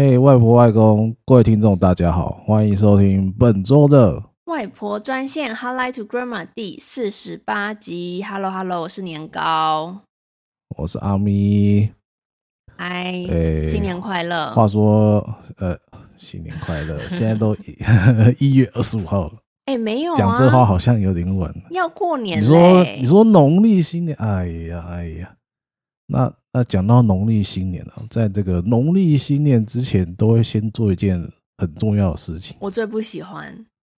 嘿、hey，外婆、外公，各位聽眾，大家好，歡迎收聽本周的《外婆專線》（Hotline to Grandma） 第四十八集。Hello，Hello，我是年糕，我是阿咪，嗨、哎，新年快樂！話說，呃，新年快樂， 現在都一月二十五號了，哎，沒有、啊、講這話好像有點晚，要過年了。你說，你說農曆新年，哎呀，哎呀，那。那講到農曆新年呢，在這個農曆新年之前，都會先做一件很重要的事情。我最不喜歡，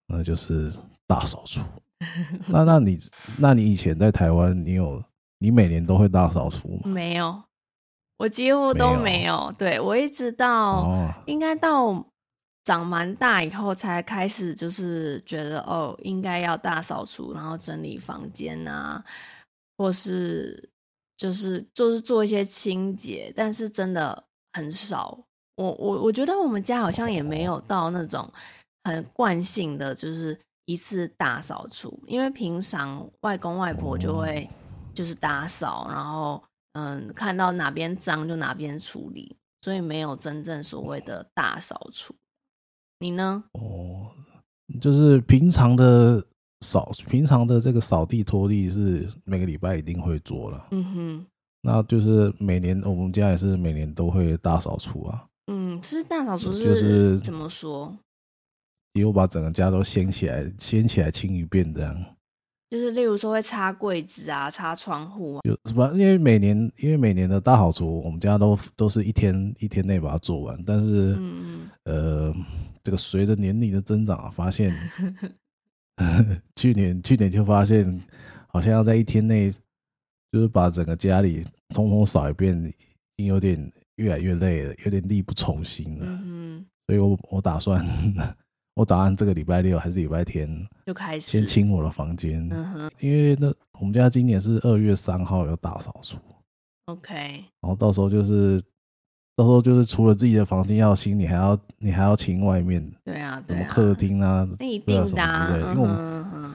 那就是大掃除。 那那你那你以前在台灣，你有你每年都會大掃除嗎？沒有，我幾乎都沒有。沒有。對，我一直到應該到長蠻大以後，才開始就是覺得哦，應該要大掃除，然後整理房間啊，或是。就是就是做一些清潔，但是真的很少。我我我覺得我們家好像也沒有到那種很慣性的，就是一次大掃除。因為平常外公外婆就會就是打掃，然後嗯，看到哪邊髒就哪邊處理，所以沒有真正所謂的大掃除。你呢？哦，就是平常的。掃，平常的這個掃地拖地是每個禮拜一定會做了，嗯哼，那就是每年我們家也是每年都會大掃除啊。嗯，其實大掃除是、就是、怎麼說？也有把整個家都掀起來，掀起來清一遍這樣。就是例如說會擦櫃子啊，擦窗戶啊。有什麼？因為每年因為每年的大掃除，我們家都都是一天一天內把它做完。但是嗯嗯，呃，這個隨着年齡的增長啊，發現。 去年去年就發現，好像要在一天內，就是把整個家裡通通掃一遍，已經有點越來越累了，有點力不從心了。嗯，嗯，所以我我打算， 我打算這個禮拜六還是禮拜天就開始先清我的房間，嗯哼。因為那我們家今年是二月三號有大掃除。OK，然後到時候就是。到時候就是，除了自己的房間要清，你還要你還要清外面。對啊，對，什麼客廳啊，啊，那一定的啊。因為我，嗯嗯嗯。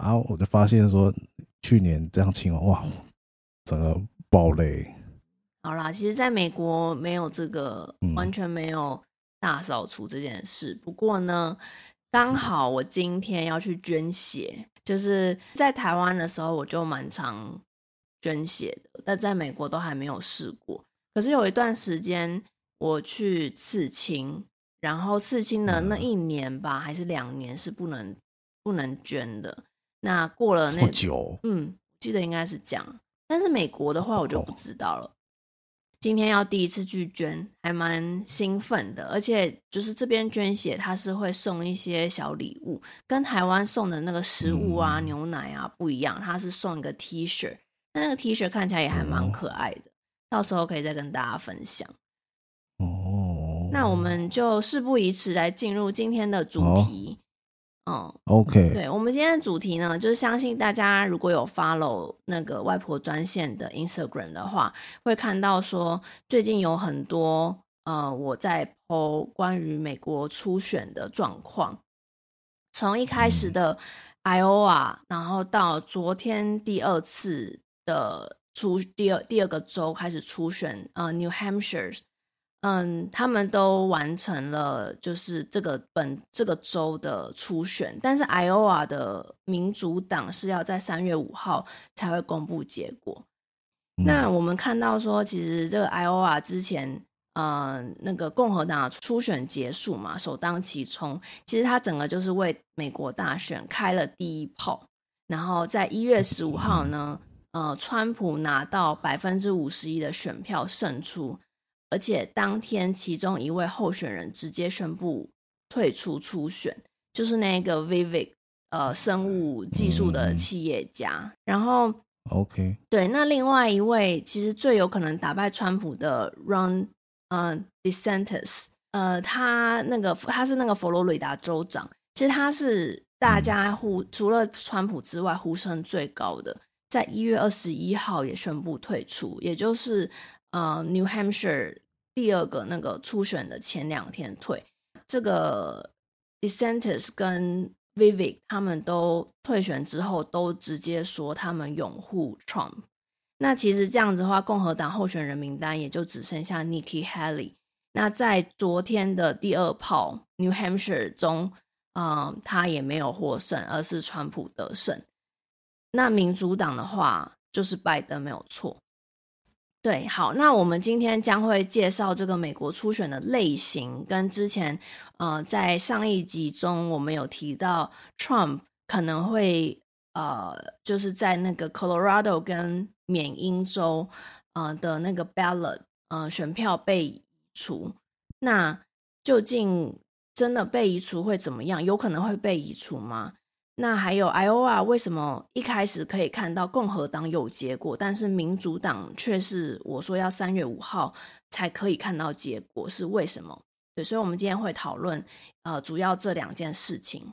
然後我就發現說，去年這樣清完，哇，整個爆雷。好啦，其實在美國沒有這個，完全沒有大掃除這件事。嗯，不過呢，剛好我今天要去捐血，就是在台灣的時候我就蠻常捐血的，但在美國都還沒有試過。可是有一段時間我去刺青，然後刺青的那一年吧，嗯、還是兩年是不能不能捐的。那過了那麼久，嗯，記得應該是這樣。但是美國的話，我就不知道了，哦。今天要第一次去捐，還蠻興奮的。而且就是這邊捐血，他是會送一些小禮物，跟台灣送的那個食物啊、嗯、牛奶啊不一樣，他是送一個 T 恤，那那個 T 恤看起來也還蠻可愛的。嗯到時候可以再跟大家分享。哦，oh，那我們就事不宜遲，來進入今天的主題。Oh. 嗯，OK，對，我們今天的主題呢，就是相信大家如果有 follow 那個外婆專線的 Instagram 的話，會看到說最近有很多呃我在 po 關於美國初選的狀況，從一開始的 Iowa，然後到昨天第二次的。出第二第二個州開始初選，呃、uh,，New Hampshire，嗯、um,，他們都完成了就是這個本這個州的初選，但是 Iowa 的民主黨是要在三月五號才會公布結果。嗯、那我們看到說，其實這個 Iowa 之前，呃、uh,，那個共和黨初選結束嘛，首當其衝，其實它整個就是為美國大選開了第一炮。然後在一月十五號呢。嗯呃，川普拿到百分之五十一的選票勝出，而且當天其中一位候選人直接宣布退出初選，就是那個 Vivek，呃，生物技術的企業家。Mm -hmm. 然後，OK，對，那另外一位其實最有可能打敗川普的 Ron，呃，DeSantis，呃，他那個他是那個佛羅里達州長，其實他是大家呼、mm -hmm. 除了川普之外呼聲最高的。在一月二十一號也宣布退出，也就是呃，New Hampshire 第二個那個初選的前兩天退。這個 DeSantis 跟 Vivek 他們都退選之後，都直接說他們擁護 Trump。那其實這樣子的話，共和黨候選人名單也就只剩下 Nikki Haley。那在昨天的第二炮 New Hampshire 中，嗯、呃，他也沒有獲勝，而是川普得勝。那民主黨的話就是拜登沒有錯，對，好，那我們今天將會介紹這個美國初選的類型，跟之前，呃，在上一集中我們有提到，Trump 可能會，呃，就是在那個 Colorado 跟緬因州，呃的那個 Ballot，呃，選票被移除，那究竟真的被移除會怎麼樣？有可能會被移除嗎？那還有 Iowa 為什麼一開始可以看到共和黨有結果，但是民主黨卻是我說要三月五號才可以看到結果，是為什麼？對，所以我們今天會討論，呃，主要這兩件事情。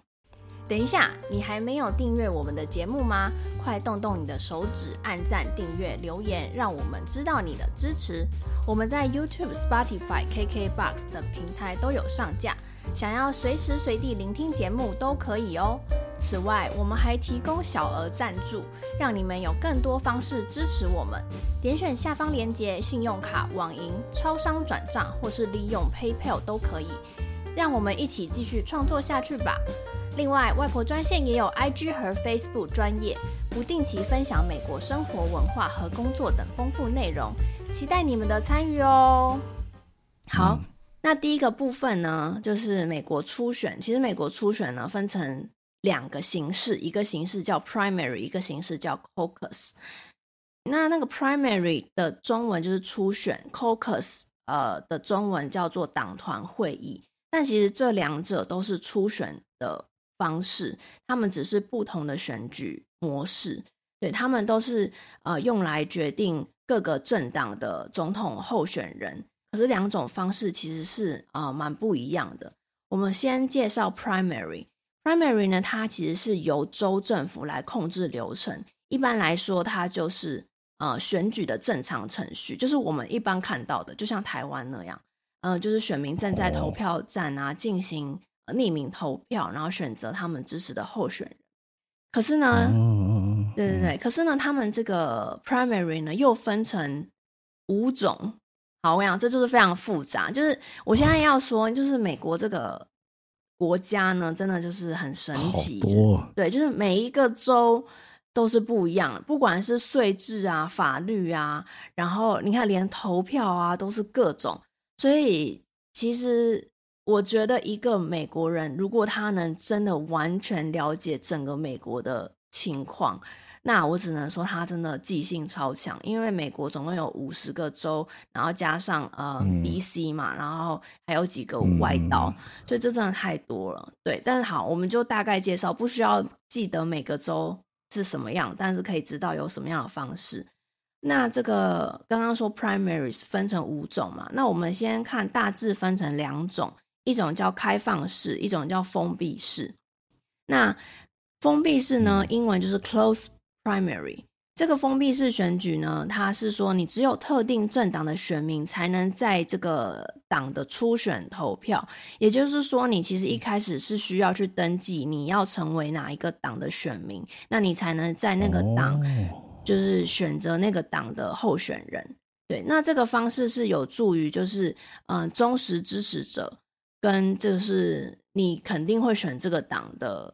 等一下，你還沒有訂閱我們的節目嗎？快動動你的手指，按讚、訂閱、留言，讓我們知道你的支持。我們在 YouTube、Spotify、KKBox 等平台都有上架。想要隨時隨地聆聽節目都可以哦。此外，我們還提供小額贊助，讓你們有更多方式支持我們。點選下方鏈接，信用卡、網銀、超商轉賬或是利用 PayPal 都可以。讓我們一起繼續創作下去吧。另外，外婆專線也有 IG 和 Facebook 專頁，不定期分享美國生活文化和工作等豐富內容，期待你們的參與哦。好、嗯。那第一個部分呢，就是美國初選。其實美國初選呢，分成兩個形式，一個形式叫 primary，一個形式叫 caucus。那那個 primary 的中文就是初選，caucus 呃的中文叫做黨團會議。但其實這兩者都是初選的方式，他們只是不同的選舉模式。對，他們都是呃用來決定各個政黨的總統候選人。這兩種方式其實是啊、呃、蠻不一樣的。我們先介紹 primary。primary 呢，它其實是由州政府來控制流程。一般來說，它就是呃選舉的正常程序，就是我們一般看到的，就像台灣那樣，嗯、呃，就是選民站在投票站啊，oh. 進行匿名投票，然後選擇他們支持的候選人。可是呢，oh. 對對對。可是呢，他們這個 primary 呢又分成五種。好，我跟你講，這就是非常複雜。就是我現在要說，就是美國這個國家呢，真的就是很神奇。啊、對，就是每一個州都是不一樣的，不管是稅制啊、法律啊，然後你看連投票啊都是各種。所以其實我覺得，一個美國人如果他能真的完全了解整個美國的情況。那我只能說他真的記性超強，因為美國總共有五十個州，然後加上呃 D.C. 嘛，然後還有幾個外島，所以這真的太多了。對，但是好，我們就大概介紹，不需要記得每個州是什麼樣，但是可以知道有什麼樣的方式。那這個剛剛說 primaries 分成五種嘛，那我們先看大致分成兩種，一種叫開放式，一種叫封閉式。那封閉式呢，嗯、英文就是 close。Primary 這個封閉式選舉呢，它是說你只有特定政黨的選民才能在這個黨的初選投票，也就是說，你其實一開始是需要去登記，你要成為哪一個黨的選民，那你才能在那個黨就是選擇那個黨的候選人。對，那這個方式是有助於就是嗯、呃、忠實支持者跟就是你肯定會選這個黨的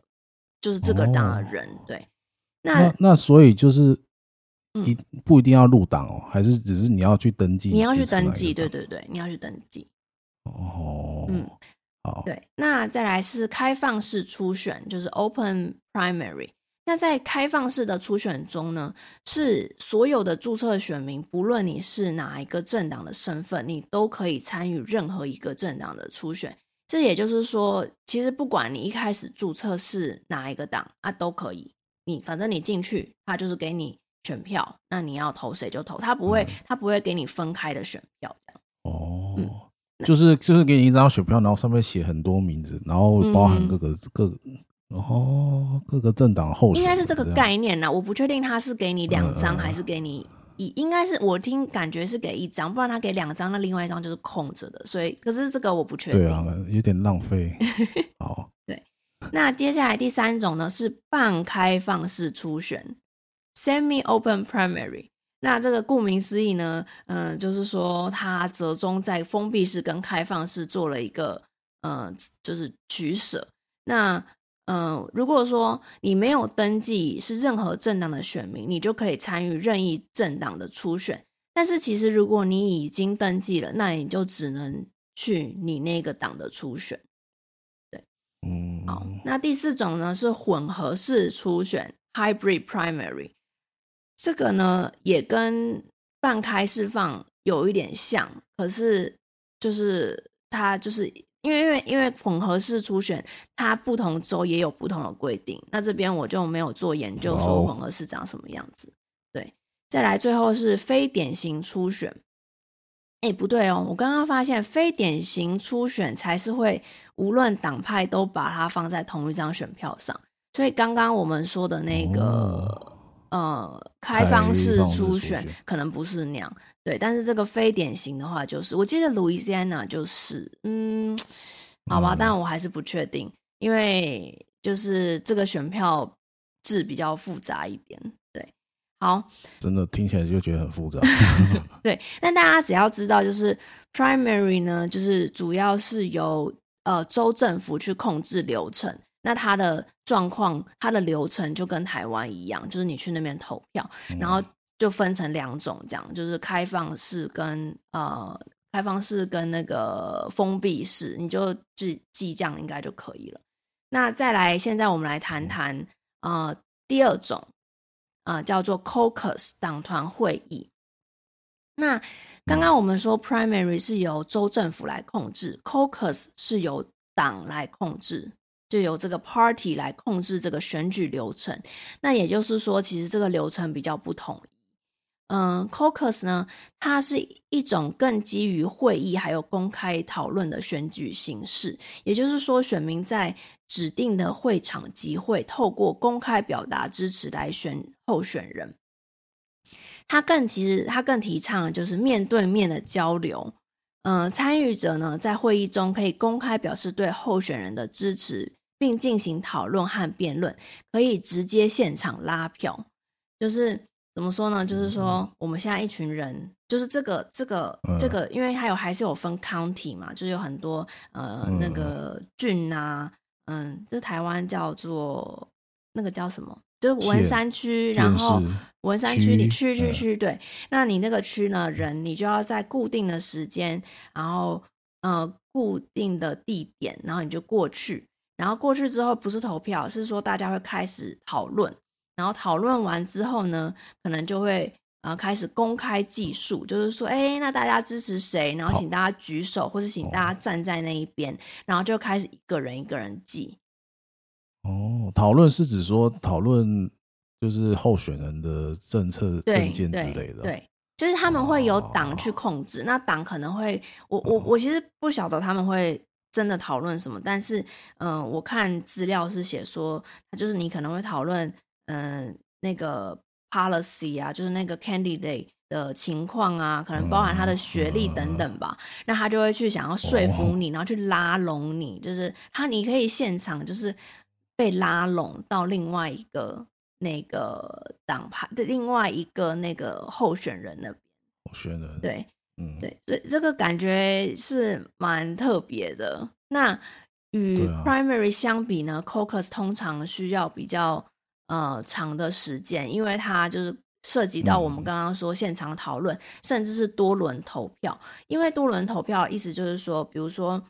就是這個黨的人，對。那那，那所以就是一、嗯、不一定要入黨哦，還是只是你要去登記？你要去登記，對對對，你要去登記。哦，嗯，好。對。那再來是開放式初選，就是 open primary。那在開放式的初選中呢，是所有的註冊選民，不論你是哪一個政黨的身份，你都可以參與任何一個政黨的初選。這也就是說，其實不管你一開始註冊是哪一個黨啊，都可以。你反正你進去，他就是給你選票，那你要投誰就投，他不會、嗯、他不會給你分開的選票哦、嗯，就是就是給你一張選票，然後上面寫很多名字，然後包含各個、嗯、各個，各個、哦、各個政黨候選應該是這個概念呢。我不確定他是給你兩張、嗯、還是給你一，應該是我聽感覺是給一張，不然他給兩張，那另外一張就是空着的。所以可是這個我不確定。對啊，有點浪費哦。 好那接下來第三種呢，是半開放式初選 （semi-open primary）。那這個顧名思義呢，嗯、呃，就是說它折中在封閉式跟開放式做了一個，嗯、呃，就是取捨。那，嗯、呃，如果說你沒有登記是任何政黨的選民，你就可以參與任意政黨的初選。但是其實如果你已經登記了，那你就只能去你那個黨的初選。嗯，好，那第四種呢是混合式初選 （hybrid primary），這個呢也跟半開釋放有一點像，可是就是它就是因為因為因為混合式初選，它不同州也有不同的規定。那這邊我就沒有做研究，說混合式長什麼樣子。對，再來最後是非典型初選。哎、欸，不對哦，我剛剛發現非典型初選才是會，無論黨派都把它放在同一張選票上，所以剛剛我們說的那個呃，開放式初選可能不是那樣，對。但是這個非典型的話，就是我記得路易斯安那就是嗯，好吧，但我還是不確定，因為就是這個選票制比較複雜一點，對。好，真的聽起來就覺得很複雜，對。但大家只要知道，就是 primary 呢，就是主要是由呃，州政府去控制流程，那它的狀況、它的流程就跟台灣一樣，就是你去那邊投票、嗯，然後就分成兩種這樣，這就是開放式跟呃開放式跟那個封閉式，你就記記賬應該就可以了。那再來，現在我們來談談呃第二種，啊、呃、叫做 Caucus 黨團會議，那。剛剛我們說，primary 是由州政府來控制，Caucus 是由黨來控制，就由這個 party 來控制這個選舉流程。那也就是說，其實這個流程比較不統一。嗯，Caucus 呢，它是一種更基於會議還有公開討論的選舉形式。也就是說，選民在指定的會場集會，透過公開表達支持來選候選人。他更其實他更提倡就是面對面的交流，嗯，參與者呢，在會議中可以公開表示對候選人的支持，並進行討論和辯論，可以直接現場拉票。就是怎麼說呢？就是說我們現在一群人，就是這個這個這個，因為他有還是有分 county 嘛，就是有很多呃那個郡啊，嗯，就台灣叫做那個叫什麼？就文山區，然後文山區，你區區區，對，那你那個區呢？人你就要在固定的時間，然後呃固定的地點，然後你就過去，然後過去之後不是投票，是說大家會開始討論，然後討論完之後呢，可能就會呃開始公開計數，就是說，哎、欸，那大家支持誰？然後請大家舉手，或是請大家站在那一邊，然後就開始一個人一個人記哦，討論是指說討論就是候選人的政策政見之類的對？對，就是他們會由黨去控制，哦、那黨可能會，我我我其實不曉得他們會真的討論什麼，嗯、但是嗯、呃，我看資料是寫說，就是你可能會討論嗯那個 policy 啊，就是那個 candidate 的情況啊，可能包含他的學歷等等吧，嗯嗯，那他就會去想要說服你，哦、然後去拉攏你，就是他你可以現場就是。被拉攏到另外一個那個黨派的另外一個那個候選人那邊，候選人對，嗯，對，所以這個感覺是蠻特別的。那與 primary 相比呢，啊，Caucus 通常需要比較呃長的時間，因為它就是涉及到我們剛剛說現場討論、嗯，甚至是多輪投票。因為多輪投票意思就是說，比如說，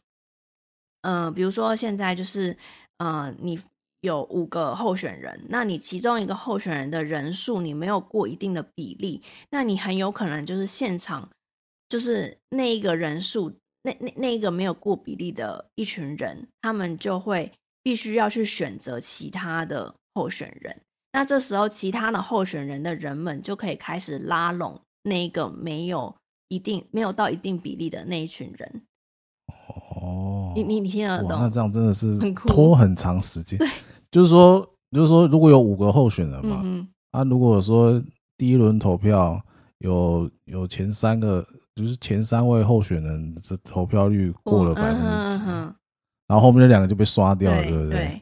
嗯、呃，比如說現在就是，呃，你。有五個候選人，那你其中一個候選人的人數你沒有過一定的比例，那你很有可能就是現場就是那一個人數，那那那一個沒有過比例的一群人，他們就會必須要去選擇其他的候選人。那這時候其他的候選人的人們就可以開始拉攏那個沒有一定沒有到一定比例的那一群人。哦，你你你聽得懂？那這樣真的是很拖很長時間。對。就是說，就是說，如果有五個候選人嘛，他、嗯啊、如果說第一輪投票有有前三個，就是前三位候選人這投票率過了百分之、哦嗯嗯，然後後面那兩個就被刷掉了對，對不對，對、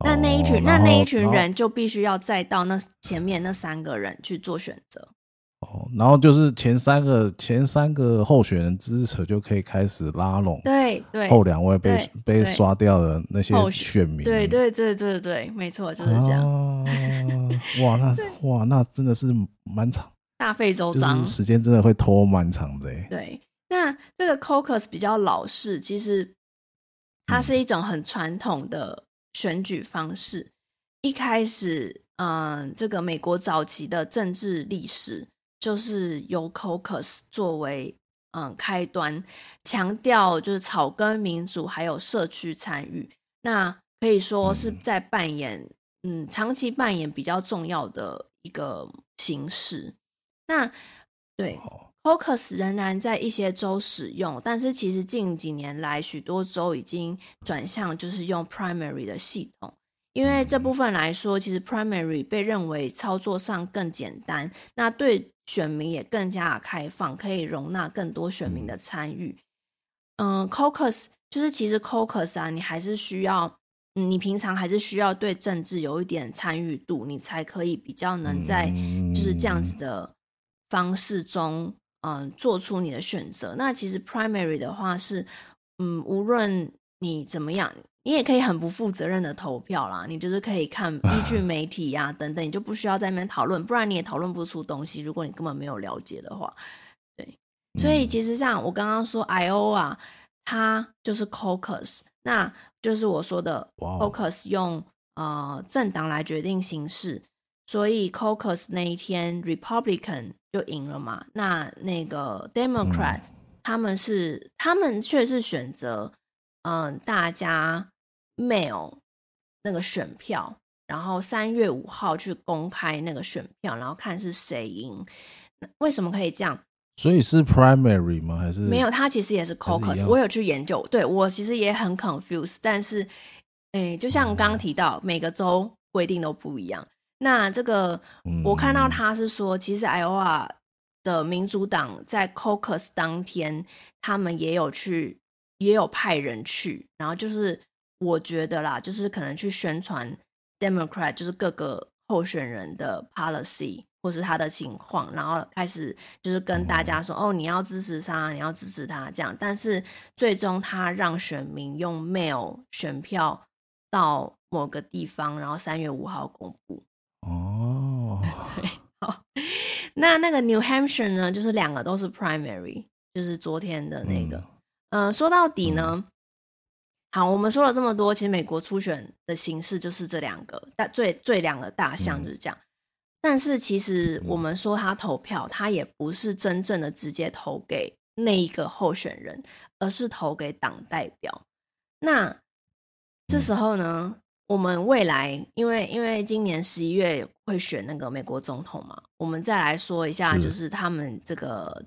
哦？那那一群，那那一群人就必須要再到那前面那三個人去做選擇。然後就是前三個前三個候選人支持就可以開始拉攏，對對，後兩位被被刷掉的那些選民，選對對對對對，沒錯就是這樣。啊、 哇，那哇那真的是蠻長，大費周章，就是、時間真的會拖蠻長的、欸。對，那這個 caucus 比較老式，其實它是一種很傳統的選舉方式。嗯、一開始，嗯，這個美國早期的政治歷史。就是由 Caucus 作為嗯開端，強調就是草根民族還有社區參與，那可以說是在扮演嗯，嗯長期扮演比較重要的一個形式。那對、哦、Caucus 仍然在一些州使用，但是其實近幾年來許多州已經轉向就是用 primary 的系統。因為這部分來說，其實 Primary 被認為操作上更簡單，那對選民也更加開放，可以容納更多選民的參與。嗯，Caucus 就是其實 Caucus 啊，你還是需要，你平常還是需要對政治有一點參與度，你才可以比較能在就是這樣子的方式中，嗯，做出你的選擇。那其實 Primary 的話是，嗯，無論你怎麼樣。你也可以很不負責任的投票啦，你就是可以看依據媒體呀、啊、等等，你就不需要在那邊討論，不然你也討論不出東西。如果你根本沒有了解的話，對，所以其實像我剛剛說，Iowa 啊，它就是 Caucus，那就是我說的 Caucus、wow. 用呃政黨來決定形式，所以 Caucus 那一天 Republican 就贏了嘛，那那個 Democrat、嗯、他們是他們卻是選擇，嗯、呃，大家。mail 那個選票，然後三月五號去公開那個選票，然後看是誰贏。為什麼可以這樣？所以是 primary 嗎？還是沒有？他其實也是 Caucus。我有去研究，對我其實也很 confused。但是，欸、就像剛提到，嗯，每個州規定都不一樣。那這個我看到他是說，嗯，其實 Iowa 的民主黨在 Caucus 當天，他們也有去，也有派人去，然後就是。我覺得啦，就是可能去宣傳 Democrat，就是各個候選人的 policy 或是他的情況，然後開始就是跟大家說，哦，哦，你要支持他，你要支持他這樣。但是最終他讓選民用 mail 選票到某個地方，然後三月五號公布。哦， 對。好 那那個 New Hampshire 呢，就是兩個都是 primary，就是昨天的那個。嗯，呃、說到底呢。嗯好，我們說了這麼多，其實美國初選的形式就是這兩個，大，最最兩個大項就是這樣。嗯。但是其實我們說他投票，他也不是真正的直接投給那一個候選人，而是投給黨代表。那這時候呢，嗯。我們未來因為因為今年十一月會選那個美國總統嘛，我們再來說一下，就是他們這個。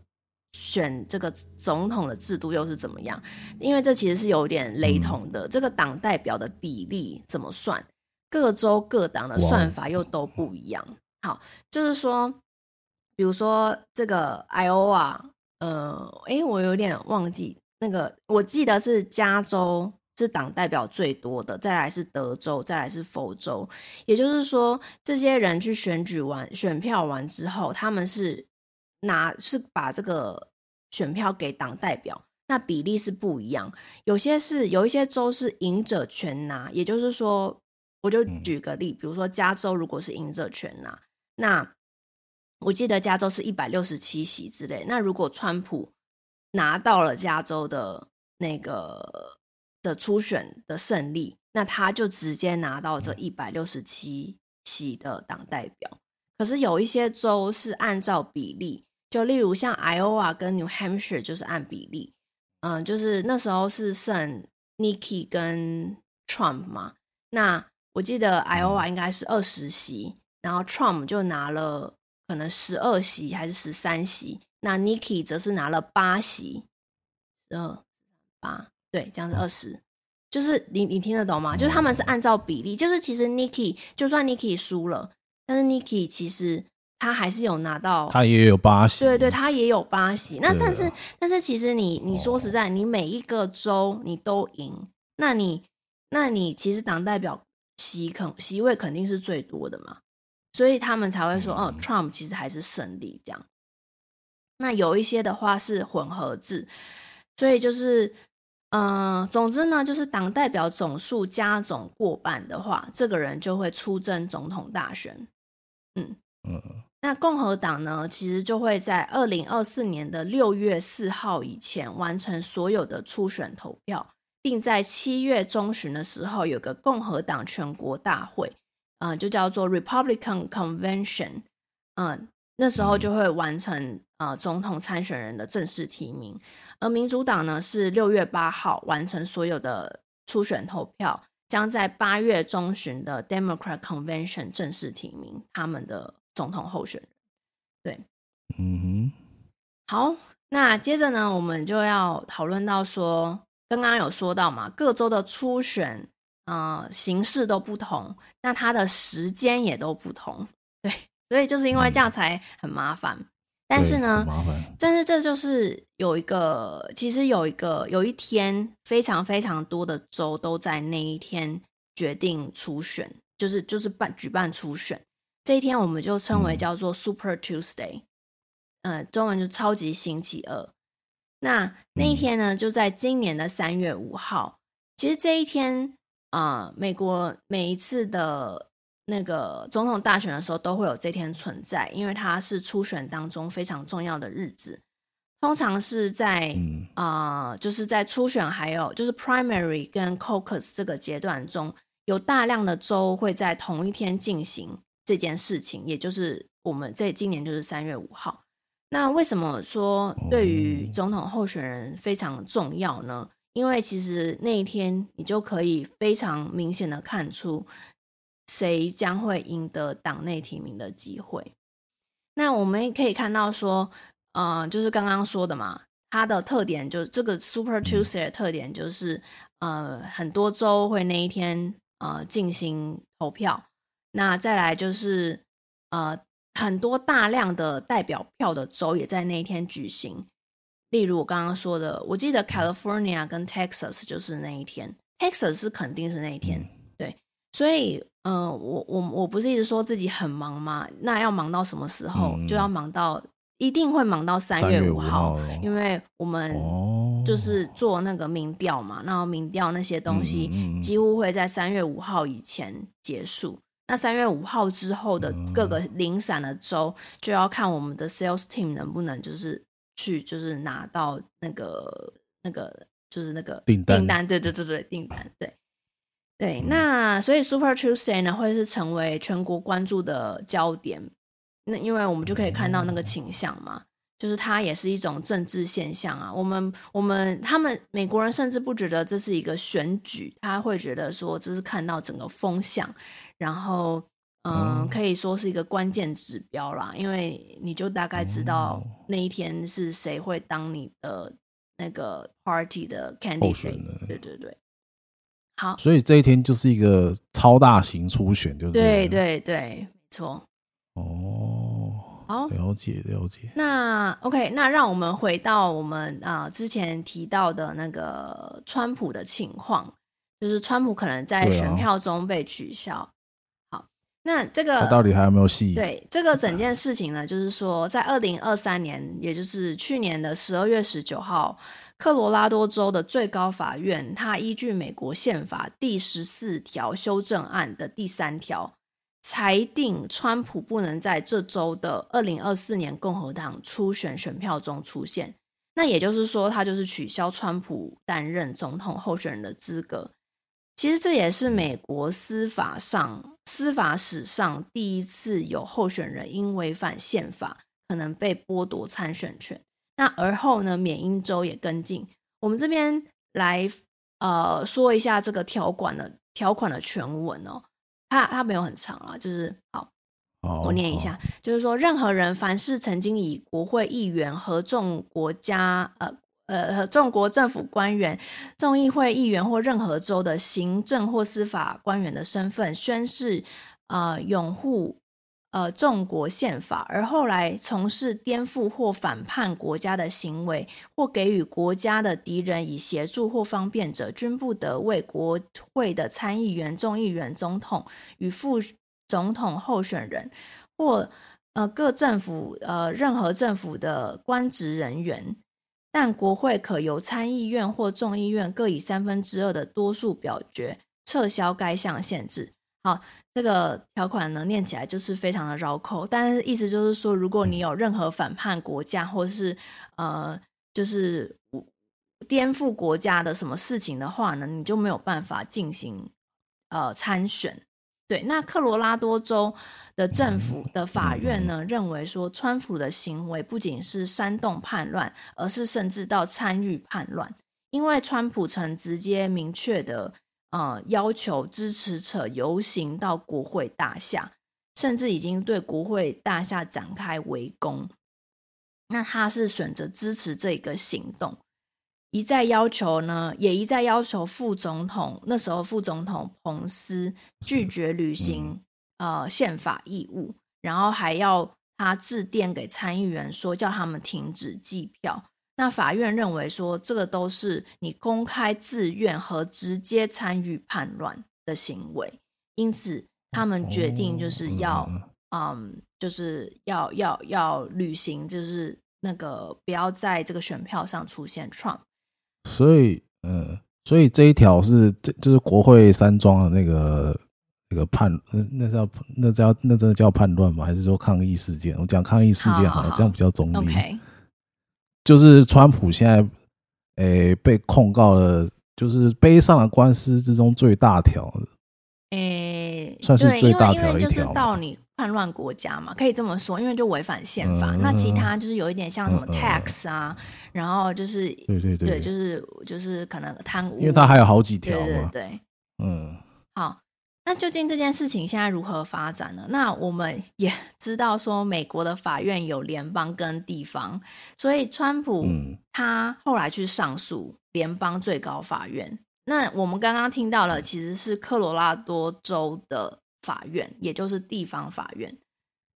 選這個總統的制度又是怎麼樣？因為這其實是有點雷同的，這個黨代表的比例怎麼算？各州各黨的算法又都不一樣。好，就是說，比如說這個 Iowa 啊，a 呃、欸，我有點忘記那個，我記得是加州是黨代表最多的，再來是德州，再來是佛州。也就是說，這些人去選舉完選票完之後，他們是。拿是把這個選票給黨代表，那比例是不一樣。有些是有一些州是贏者全拿，也就是說，我就舉個例，比如說加州如果是贏者全拿，那我記得加州是一百六十七席之類。那如果川普拿到了加州的那個的初選的勝利，那他就直接拿到這一百六十七席的黨代表。可是有一些州是按照比例。就例如像 Iowa 跟 New Hampshire 就是按比例，嗯，就是那時候是剩 Nikki 跟 Trump 嘛。那我記得 Iowa 應該是二十席，然後 Trump 就拿了可能十二席還是十三席，那 Nikki 則是拿了八席，十二十三八，對，這樣是二十。就是你你聽得懂嗎？就是他們是按照比例，就是其實 Nikki 就算 Nikki 輸了，但是 Nikki 其實。他還是有拿到，他也有八席，對對，他也有八席。啊、那但是，啊、但是，其實你你說實在，哦，你每一個州你都贏，那你那你其實黨代表席、席肯席位肯定是最多的嘛，所以他們才會說，嗯、哦，Trump 其實還是勝利這樣。那有一些的話是混合制，所以就是嗯，呃，總之呢，就是黨代表總數加總過半的話，這個人就會出征總統大選。嗯嗯嗯。那共和黨呢，其實就會在二零二四年的六月四號以前完成所有的初選投票，並在七月中旬的時候有個共和黨全國大會，嗯、呃，就叫做 Republican Convention，嗯、呃，那時候就會完成啊、呃、總統參選人的正式提名。而民主黨呢，是六月八號完成所有的初選投票，將在八月中旬的 Democrat Convention 正式提名他們的。總統候選人，對，嗯哼，好，那接着呢，我們就要討論到說，剛剛有說到嘛，各州的初選，呃，形式都不同，那它的時間也都不同，對，所以就是因為這樣才很麻煩，嗯，但是呢，對，很麻煩，但是這就是有一個，其實有一個，有一天非常非常多的州都在那一天決定初選，就是就是辦舉辦初選。這一天我們就稱為叫做 Super Tuesday，嗯、呃，中文就超級星期二。那那一天呢，就在今年的三月五號。其實這一天，啊、呃，美國每一次的那個總統大選的時候都會有這天存在，因為它是初選當中非常重要的日子。通常是在啊、嗯呃，就是在初選還有就是 Primary 跟 Caucus 這個階段中，有大量的州會在同一天進行。這件事情，也就是我們在今年就是三月五號。那為什麼說對於總統候選人非常重要呢？因為其實那一天，你就可以非常明顯的看出誰將會贏得黨內提名的機會。那我們也可以看到說，呃，就是剛剛說的嘛，它的特點就是這個 Super Tuesday 的特點就是，呃，很多州會那一天呃進行投票。那再來就是，呃，很多大量的代表票的州也在那一天舉行。例如我剛剛說的，我記得 California 跟 Texas 就是那一天。Texas 是肯定是那一天，嗯、對。所以，嗯、呃，我我我不是一直說自己很忙嗎？那要忙到什麼時候？嗯嗯就要忙到一定會忙到三月五號、三月五號，因為我們就是做那個民調嘛、哦，然後民調那些東西幾乎會在三月五號以前結束。那三月五號之後的各個零散的州，嗯，就要看我們的 sales team 能不能就是去就是拿到那個那個就是那個訂單訂單對對對對訂單對，對、嗯、那所以 Super Tuesday 呢會是成為全國關注的焦點，那因為我們就可以看到那個傾向嘛，嗯、就是它也是一種政治現象啊。我們我們他們美國人甚至不覺得這是一個選舉，他會覺得說這是看到整個風向。然後嗯，嗯，可以說是一個關鍵指標啦，因為你就大概知道那一天是誰會當你的那個 party 的 candidate 候選人。對對對，好，所以這一天就是一個超大型初選，就是、這個、對對對，沒錯。哦，好，了解了解。那 OK，那讓我們回到我們啊、呃、之前提到的那個川普的情況，就是川普可能在選票中被取消。那這個他到底還有沒有戲？對，這個整件事情呢，就是說，在二零二三年，也就是去年的十二月十九號，科羅拉多州的最高法院，他依據美國憲法第十四條修正案的第三條，裁定川普不能在這州的二零二四年共和黨初選選票中出現。那也就是說，他就是取消川普擔任總統候選人的資格。其實這也是美國司法上司法史上第一次有候選人因違反憲法可能被剝奪參選權。那而後呢，緬因州也跟進。我們這邊來呃說一下這個條款的條款的全文哦。它它沒有很長啊，就是好，我念一下，就是說任何人凡是曾經以國會議員、合眾國家呃。呃，眾國政府官員、眾議會議員或任何州的行政或司法官員的身份宣誓，啊、呃，擁護呃眾國憲法。而後來從事顛覆或反叛國家的行為，或給予國家的敵人以協助或方便者，均不得為國會的參議員、眾議員、總統與副總統候選人，或呃各政府呃任何政府的官職人員。但國會可由參議院或眾議院各以三分之二的多數表決撤銷該項限制。好，這個條款呢，念起來就是非常的繞口，但是意思就是說，如果你有任何反叛國家，或是呃，就是顛覆國家的什麼事情的話呢，你就沒有辦法進行呃參選。對，那克羅拉多州的政府的法院呢，認為說，川普的行為不僅是煽動叛亂，而是甚至到參與叛亂，因為川普曾直接明確的，呃，要求支持者遊行到國會大廈，甚至已經對國會大廈展開圍攻，那他是選擇支持這個行動。一再要求呢，也一再要求副總統，那時候副總統彭斯拒絕履行呃，憲法義務，然後還要他致電給參議員，說叫他們停止計票。那法院認為說這個都是你公開自願和直接參與叛亂的行為，因此他們決定就是要、Oh. 嗯，就是要要要履行就是那個不要在這個選票上出現 Trump。所以，嗯、呃，所以這一條是這就是國會山莊的那個那個判，那那叫那叫那真的叫叛亂嗎？還是說抗議事件？我講抗議事件好像這樣比較中立。就是川普現在，欸，被控告了，就是背上了官司之中最大條。誒、欸。是對，因為因為就是到你叛亂國家嘛，可以這麼說，因為就違反憲法，嗯嗯。那其他就是有一點像什麼 tax 啊，嗯嗯嗯、然後就是對，對對對，對就是就是可能貪污。因為他還有好幾條嘛。對對對。嗯。好，那究竟這件事情現在如何發展呢？那我們也知道說，美國的法院有聯邦跟地方，所以川普他後來去上訴聯邦最高法院。嗯那我們剛剛聽到了，其實是科羅拉多州的法院，也就是地方法院。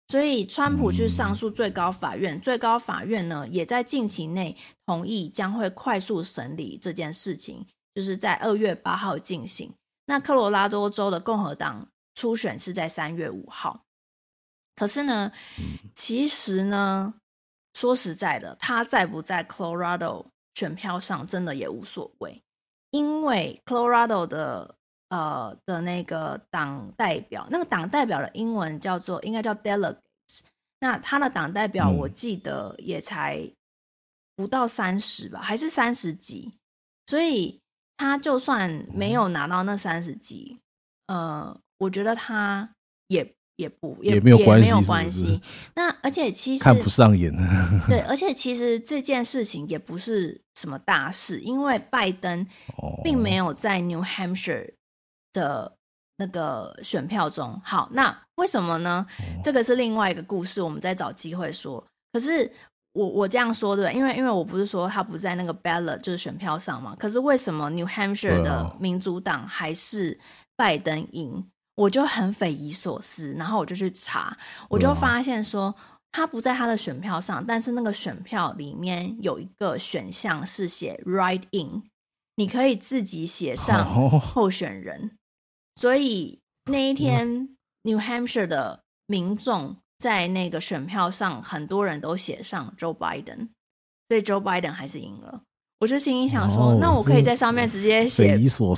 所以，川普去上訴最高法院，最高法院呢也在近期內同意，將會快速審理這件事情，就是在二月八號進行。那科羅拉多州的共和黨初選是在三月五號，可是呢，其實呢，說實在的，他在不在科羅拉多選票上，真的也無所謂。因為 Colorado 的呃的那個黨代表，那個黨代表的英文叫做應該叫 Delegates。那他的黨代表我記得也才不到三十吧，嗯，還是三十幾。所以他就算沒有拿到那三十幾，嗯，呃，我覺得他也也不也，也沒有關係，沒有關係。那而且其實看不上眼。對，而且其實這件事情也不是。什麼大事？因為拜登並沒有在 New Hampshire 的那個選票中，oh. 好，那為什麼呢？Oh. 這個是另外一個故事，我們再找機會說。可是我我這樣說，對，因為因為我不是說他不在那個 ballot 就是選票上嘛。可是為什麼 New Hampshire 的民主黨還是拜登贏？Oh. 我就很匪夷所思。然後我就去查，我就發現說。Oh. 他不在他的選票上，但是那個選票裡面有一個選項是寫 “write in”，你可以自己寫上候選人。Oh. 所以那一天，oh，New Hampshire 的民眾在那個選票上，很多人都寫上 Joe Biden，所以 Joe Biden 還是贏了。我就心裡想說，oh, 那我可以在上面直接寫，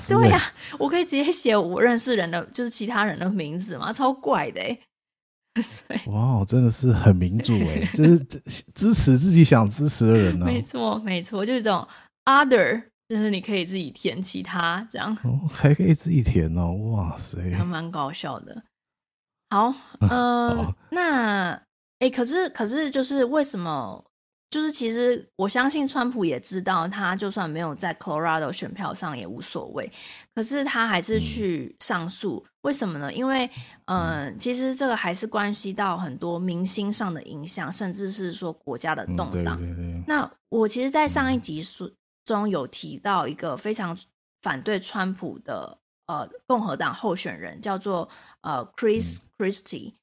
對呀，啊，我可以直接寫我認識人的，就是其他人的名字嗎？超怪的耶。哇，wow, 真的是很民主哎！ 就是支持自己想支持的人呢、啊。 沒錯，沒錯，就是這種 other，就是你可以自己填其他這樣，oh, 還可以自己填哦，哇塞，還蠻搞笑的。好，嗯、呃， 那哎、欸，可是可是就是為什麼？就是其實我相信川普也知道，他就算沒有在 Colorado 選票上也無所謂，可是他還是去上訴。嗯、為什麼呢？因為，嗯、呃，其實這個還是關係到很多明星上的影響，甚至是說國家的動盪。嗯、對對對，那我其實，在上一集中有提到一個非常反對川普的呃共和黨候選人，叫做呃 Chris Christie、嗯。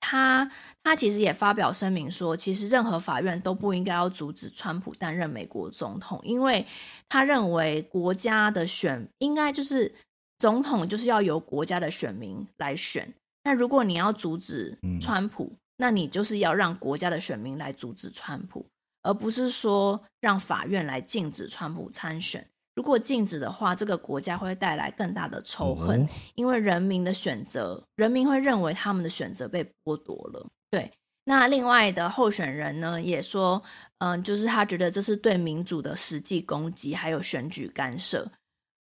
他他其實也發表聲明說，其實任何法院都不應該要阻止川普擔任美國總統，因為他認為國家的選應該就是總統就是要由國家的選民來選。那如果你要阻止川普，那你就是要讓國家的選民來阻止川普，而不是說讓法院來禁止川普參選。如果禁止的話，這個國家會帶來更大的仇恨、嗯，因為人民的選擇，人民會認為他們的選擇被剝奪了。對，那另外的候選人呢，也說，嗯，就是他覺得這是對民主的實際攻擊，還有選舉干涉。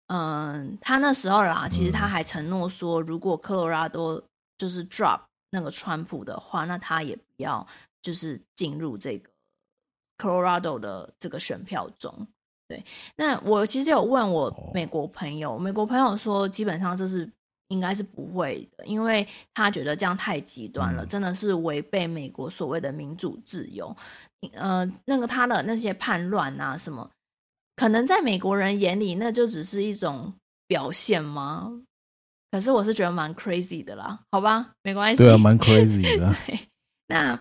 嗯，他那時候啦，嗯、其實他還承諾說，如果科羅拉多就是 drop 那個川普的話，那他也不要就是進入這個科羅拉多的這個選票中。對，那我其實有問我美國朋友，美國朋友說基本上這是應該是不會的，因為他覺得這樣太極端了，嗯，真的是違背美國所謂的民主自由。呃，那個他的那些叛亂啊什麼，可能在美國人眼裡那就只是一種表現嗎？可是我是覺得蠻 crazy 的啦，好吧，沒關係，對啊，蠻 crazy 的啊 對。那。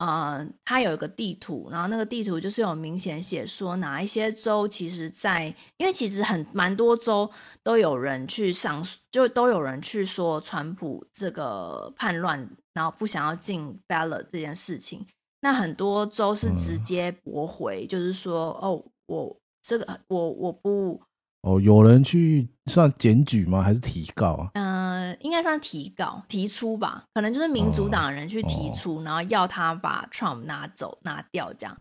呃、uh,，他有一個地圖，然後那個地圖就是有明顯寫說哪一些州其實在，在因為其實很蠻多州都有人去上訴，就都有人去說川普這個叛亂，然後不想要進 ballot 這件事情，那很多州是直接駁回，嗯、就是說，哦，我這個我我不。哦，有人去算檢舉嗎？還是提告啊？呃，應該算提告，提出吧，可能就是民主黨人去提出，哦，然後要他把 Trump 拿走，拿掉這樣。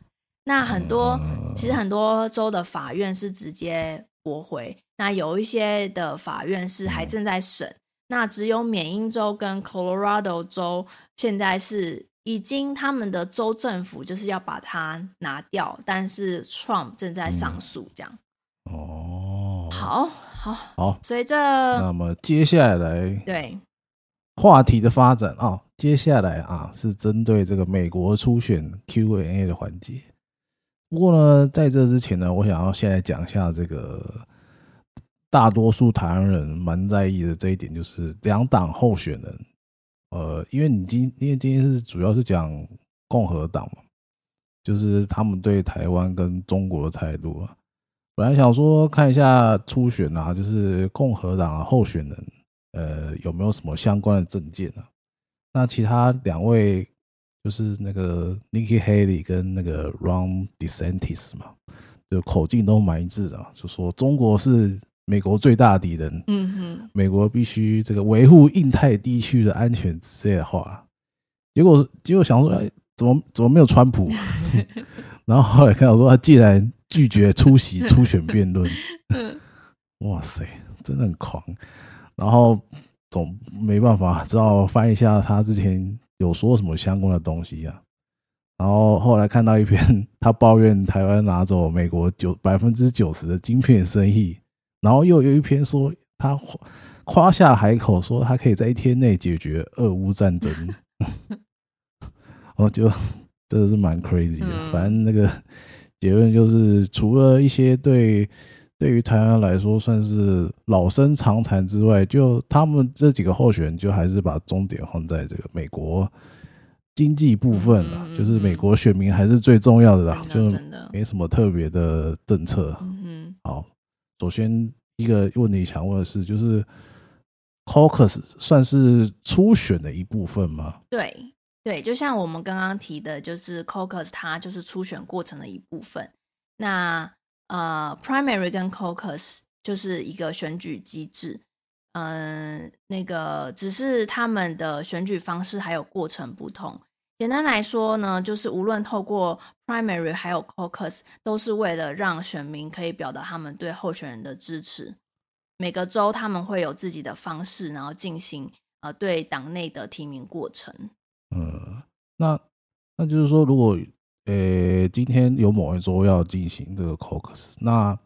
那很多，嗯、其實很多州的法院是直接駁回，那有一些的法院是還正在審，哦。那只有緬因州跟 Colorado 州現在是已經他們的州政府就是要把它拿掉，但是 Trump 正在上訴這樣。嗯、哦。好好好，隨着那麼接下來對話題的發展啊，接下來啊是針對這個美國初選 Q&A 的環節。不過呢，在這之前呢，我想要先來講一下這個大多數台灣人蠻在意的這一點，就是兩黨候選人，呃，因為你今因為今天是主要是講共和黨嘛，就是他們對台灣跟中國的態度啊。本來想說看一下初選啊，就是共和黨、啊、候選人，呃，有沒有什麼相關的政見啊。那其他兩位就是那個 Nikki Haley 跟那個 Ron DeSantis 嘛，就口徑都蠻一致的啊，就說中國是美國最大敵人，嗯哼，美國必須這個維護印太地區的安全之類的話、啊。結果結果想說，哎、欸，怎麼怎麼沒有川普？ 然後後來看我說，他既然拒絕出席初選辯論，哇塞，真的很狂。然後總沒辦法，只好翻一下他之前有說什麼相關的東西呀、啊。然後後來看到一篇，他抱怨台灣拿走美國九百分之九十的晶片生意。然後又有一篇說他誇下海口，說他可以在一天內解決俄烏戰爭。我就真的是蠻 crazy 的，反正那個。結論就是，除了一些對對於台灣來說算是老生常談之外，就他們這幾個候選人，就還是把重點放在這個美國經濟部分了，嗯嗯嗯，就是美國選民還是最重要的啦，真的，真的，就沒什麼特別的政策。嗯，好，首先一個問題想問的是，就是 caucus 算是初選的一部分嗎？對。對，就像我們剛剛提的，就是 caucus 它就是初選過程的一部分。那呃，primary 跟 caucus 就是一個選舉機制，嗯、呃，那個只是他們的選舉方式還有過程不同。簡單來說呢，就是無論透過 primary 還有 caucus，都是為了讓選民可以表達他們對候選人的支持。每個州他們會有自己的方式，然後進行呃對黨內的提名過程。嗯，那那就是說，如果呃、欸、今天有某一州要進行這個 caucus，那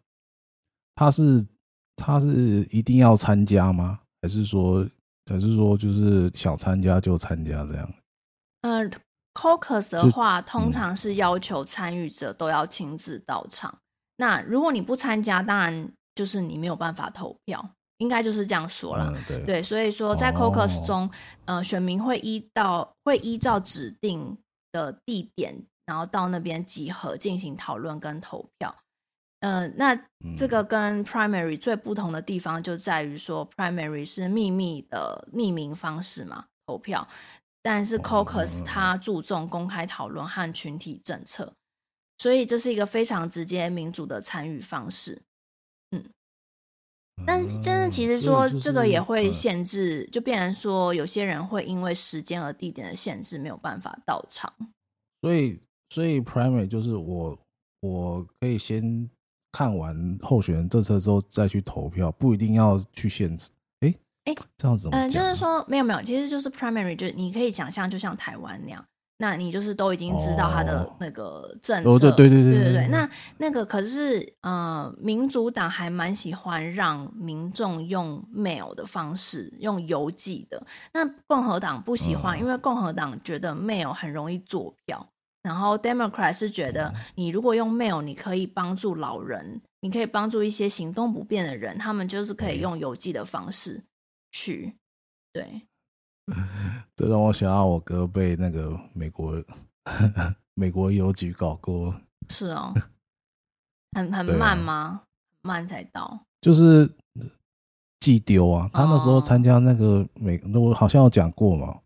他是他是一定要參加嗎？還是說還是說就是想參加就參加這樣？嗯、呃、caucus 的話，通常是要求參與者都要親自到場、嗯嗯。那如果你不參加，當然就是你沒有辦法投票。應該就是這樣說了、嗯，對，所以說在 Caucus 中，哦，呃，選民會依到會依照指定的地點，然後到那邊集合進行討論跟投票。嗯、呃，那這個跟 Primary 最不同的地方就在於說，Primary 是秘密的匿名方式嘛，投票，但是 Caucus 它注重公開討論和群體政策，所以這是一個非常直接民主的參與方式。但真的，其實說這個也會限制，就變成說有些人會因為時間和地點的限制沒有辦法到場、嗯。所以，所以 primary 就是我我可以先看完候選人政策之後再去投票，不一定要去限制。哎、欸、誒、欸，這樣子嗯，就是說沒有沒有，其實就是 primary 就是你可以想象，就像台灣那樣。那你就是都已經知道他的那個政策，哦、對對對對對對，那那個可是，呃民主黨還蠻喜歡讓民眾用 mail 的方式，用郵寄的。那共和黨不喜歡，哦、因為共和黨覺得 mail 很容易作票。然後，Democrat 是覺得，你如果用 mail，你可以幫助老人，你可以幫助一些行動不便的人，他們就是可以用郵寄的方式去，嗯、對。這 讓我想到我哥被那個美國 美國郵局搞過 ，是哦，很很慢嗎、啊？慢才到，就是寄丟啊！他那時候參加那個美，哦、我好像有講過嘛，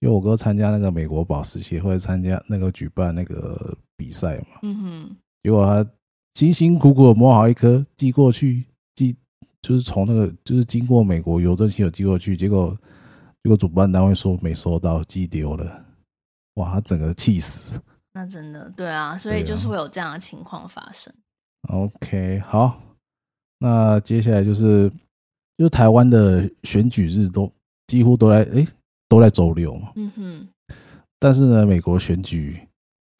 因為我哥參加那個美國寶石協會參加那個舉辦那個比賽嘛，嗯哼，結果他辛辛苦苦的磨好一顆寄過去，寄就是從那個就是經過美國郵政系統寄過去，結果。這個主辦單位說沒收到，寄丟了，哇！他整個氣死。那真的對啊，所以就是會有這樣的情況發生、啊。OK，好，那接下來就是，就台灣的選舉日都幾乎都在哎、欸，都在週六嘛。嗯哼。但是呢，美國選舉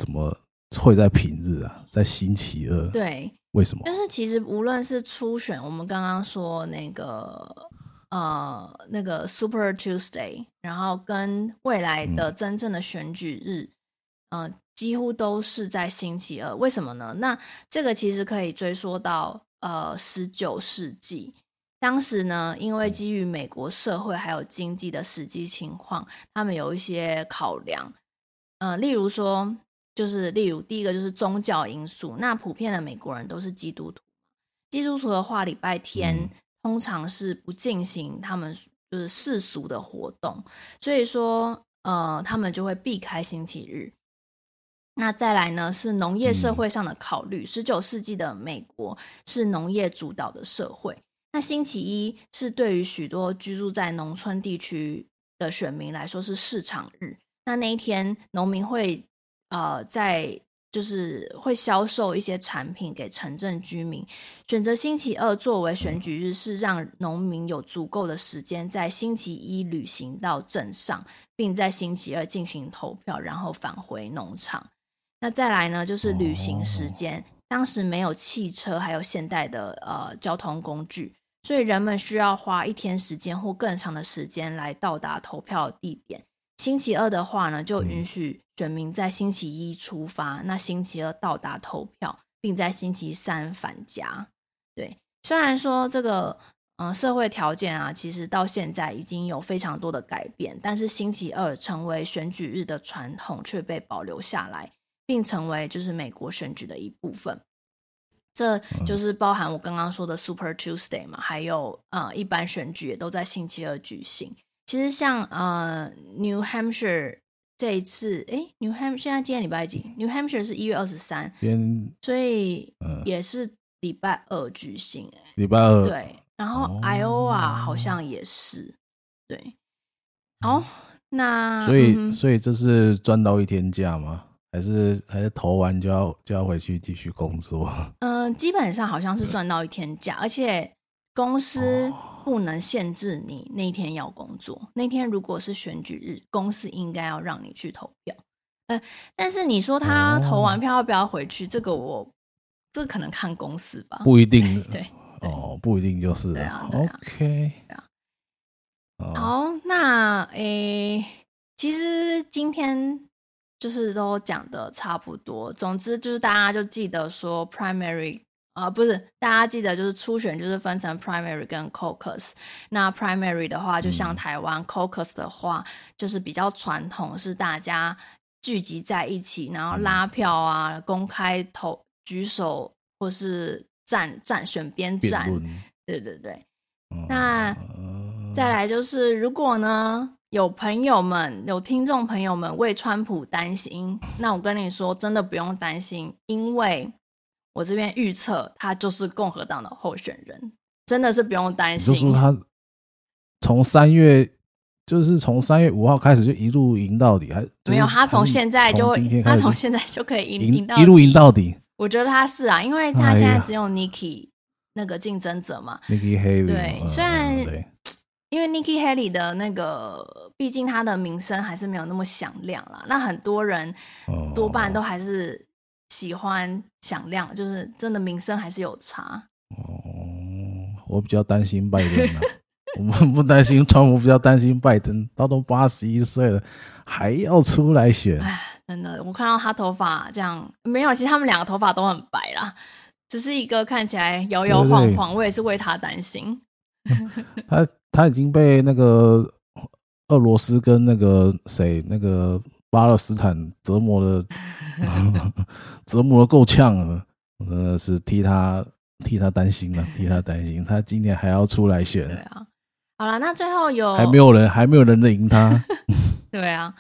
怎麼會在平日啊？在星期二。對。為什麼？就是其實無論是初選，我們剛剛說那個。呃，那個 Super Tuesday，然後跟未來的真正的選舉日，嗯、呃，幾乎都是在星期二。為什麼呢？那這個其實可以追溯到呃十九世紀，當時呢，因為基於美國社會還有經濟的實際情況，他們有一些考量，嗯、呃，例如說，就是例如第一個就是宗教因素，那普遍的美國人都是基督徒，基督徒的話，禮拜天。嗯通常是不進行他們就是世俗的活動，所以說，呃，他們就會避開星期日。那再來呢，是農業社會上的考慮。十九世紀的美國是農業主導的社會，那星期一是對於許多居住在農村地區的選民來說是市場日。那那一天，農民會呃在。就是會銷售一些產品給城鎮居民。選擇星期二作為選舉日，是讓農民有足夠的時間在星期一旅行到鎮上，並在星期二進行投票，然後返回農場。那再來呢，就是旅行時間。當時沒有汽車，還有現代的呃交通工具，所以人們需要花一天時間或更長的時間來到達投票地點。星期二的話呢，就允許、嗯。選民在星期一出發，那星期二到達投票，並在星期三返家。對，雖然說這個，呃，社會條件啊，其實到現在已經有非常多的改變，但是星期二成為選舉日的傳統卻被保留下來，並成為就是美國選舉的一部分。這就是包含我剛剛說的 Super Tuesday 嘛，還有，呃，一般選舉也都在星期二舉行。其實像，呃，New Hampshire。這一次，哎，New Hampshire 現在今天禮拜幾？New Hampshire 是一月二十三，所以也是禮拜二舉行，欸，哎，禮拜二，對。然後 Iowa 好像也是，哦，對。好，哦，那所以，嗯，所以這是賺到一天假嗎？還是還是投完就要就要回去繼續工作？嗯，呃，基本上好像是賺到一天假，而且。公司不能限制你那天要工作、哦。那天如果是選舉日，公司應該要讓你去投票、呃。但是你說他投完票要不要回去？哦、這個我這個、可能看公司吧，不一定。對，對對哦，不一定就是對、啊對啊、OK，對、啊、好，哦、那誒、欸，其實今天就是都講得差不多。總之就是大家就記得說 primary。啊、呃，不是，大家記得就是初選就是分成 primary 跟 caucus。那 primary 的話就像台灣、嗯，caucus 的話就是比較傳統，是大家聚集在一起，然後拉票啊，嗯、公開投舉手或是站站選邊站。對對對、嗯。那再來就是，如果呢有朋友們有聽眾朋友們為川普擔心，那我跟你說，真的不用擔心，因為。我這邊預測他就是共和黨的候選人，真的是不用擔心。就是說他從三月，就是從三月五號開始就一路贏到底，還沒有？他從現在就，從就他從現在就可以贏贏到一路贏到底。我覺得他是啊，因為他現在只有 Nikki 那個競爭者嘛。Nikki Haley 對，雖然、嗯、因為 Nikki Haley 的那個，畢竟他的名聲還是沒有那麼響亮啦。那很多人多半都還是。嗯喜歡響亮，就是真的名聲還是有差。哦，我比較擔心拜登嘛、啊， 我不,不擔心川普，比較擔心拜登，他都八十一歲了，還要出來選。唉，真的，我看到他頭髮這樣，沒有，其實他們兩個頭髮都很白啦，只是一個看起來搖搖晃晃。對對我也是為他擔心。 他他已經被那個俄羅斯跟那個誰那個。巴勒斯坦折磨的， 折磨的夠嗆了，是替他替他擔心了，替他擔心，他今年還要出來選。好了，那最後有還沒有人還沒有人能贏他 對、啊？ 對啊，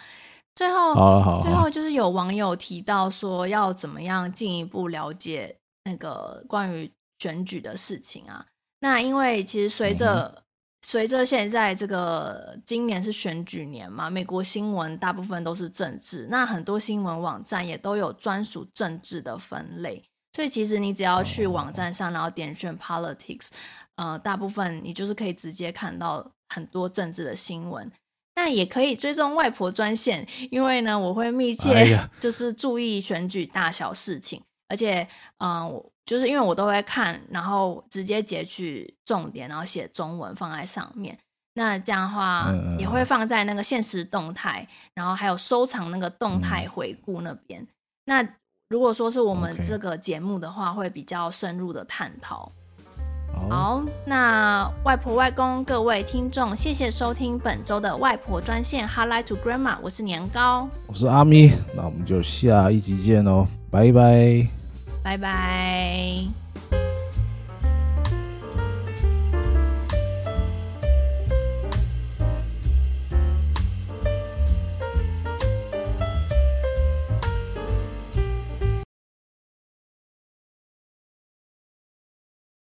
最後好了好，最後就是有網友提到說要怎麼樣進一步了解那個關於選舉的事情啊？那因為其實隨着、嗯。隨着現在這個今年是選舉年嘛，美國新聞大部分都是政治，那很多新聞網站也都有專屬政治的分類，所以其實你只要去網站上，然後點選 politics，、oh. 呃，大部分你就是可以直接看到很多政治的新聞。但也可以追蹤外婆專線，因為呢，我會密切就是注意選舉大小事情，oh. 而且，嗯、呃。就是因為我都會看，然後直接截取重點，然後寫中文放在上面。那這樣的話，也會放在那個限時動態、嗯，然後還有收藏那個動態回顧那邊、嗯。那如果說是我們這個節目的話、okay，會比較深入的探討。好，那外婆、外公、各位聽眾，謝謝收聽本周的外婆專線，Hotline to Grandma，我是年糕，我是阿咪，那我們就下一集見哦，拜拜。拜拜。